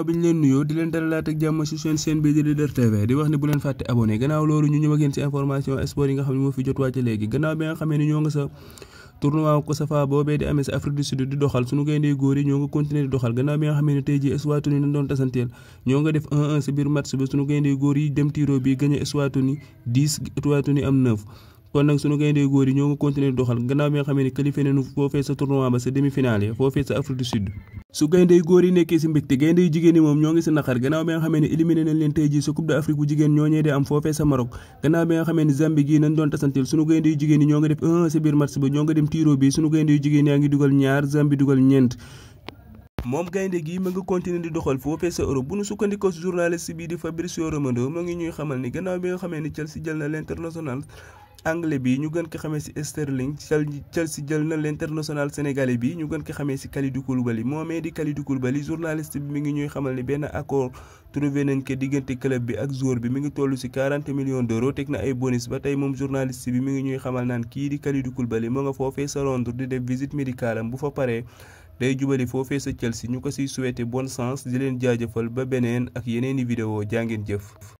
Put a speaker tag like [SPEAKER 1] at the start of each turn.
[SPEAKER 1] ba bi ñu leen nuyoo di leen dalalaat ak jàmm ci seen chaîne bii di Leader TV di wax ne bu leen fàtte abonné gannaaw loolu ñu ñëw ci information sport yi nga xam ne moo fi jot wàcc léegi gannaaw bi nga xamee ni ñoo nga sa tournoi ko safa boobee di amee si Afrique du Sud di doxal suñu gayndee góor yi ñoo nga continuer di doxal gannaaw bi nga xamee ne tey jii Eswatini nañ sa tournoi ba sa demi-finale foofee sa Afrique du Sud su gayndey góor yi nekkee si mbégte gayndey jigéen yi moom ñoo ngi si naqar gannaaw bi nga xamee ne éliminé nañ leen tey ji su coupe d'Afrique bu jigéen ñoo ñee am foofee sa Maroc gannaaw bi nga xamee ne Zambie gii nañ doon tasantil suñu gayndey jigéen yi ñoo ngi def 1 si biir match ba ñoo ngi dem tiro bi suñu gayndey jigéen yaa ngi dugal ñaar Zambie dugal ñeent moom gaynde gi ma nga continuer di doxal foofee sa Europe bu nu sukkandikoo si journaliste bi di Fabrizio Romano moo ngi ñuy xamal anglais bi ñu gën ko xamee ci Sterling Chelsea jël na l'international sénégalais bi ñu gën ko xamee ci Kalidou Koulibaly moomee di Kalidou Koulibaly journaliste bi mi ngi ñuy xamal ni benn accord trouvé nañ ko diggante club bi ak joueur bi mi ngi toll ci 40 millions d'euros teg na ay bonus ba tey moom journaliste bi mi ngi ñuy xamal naan kii di Kalidou Koulibaly moo nga foofee sa Londres di def visite médicale bu fa pare day jubali foofee sa Chelsea ñu ko ciy souhaiter bonne chance di leen jaajëfal ba beneen ak yeneeni vidéo jaa jëf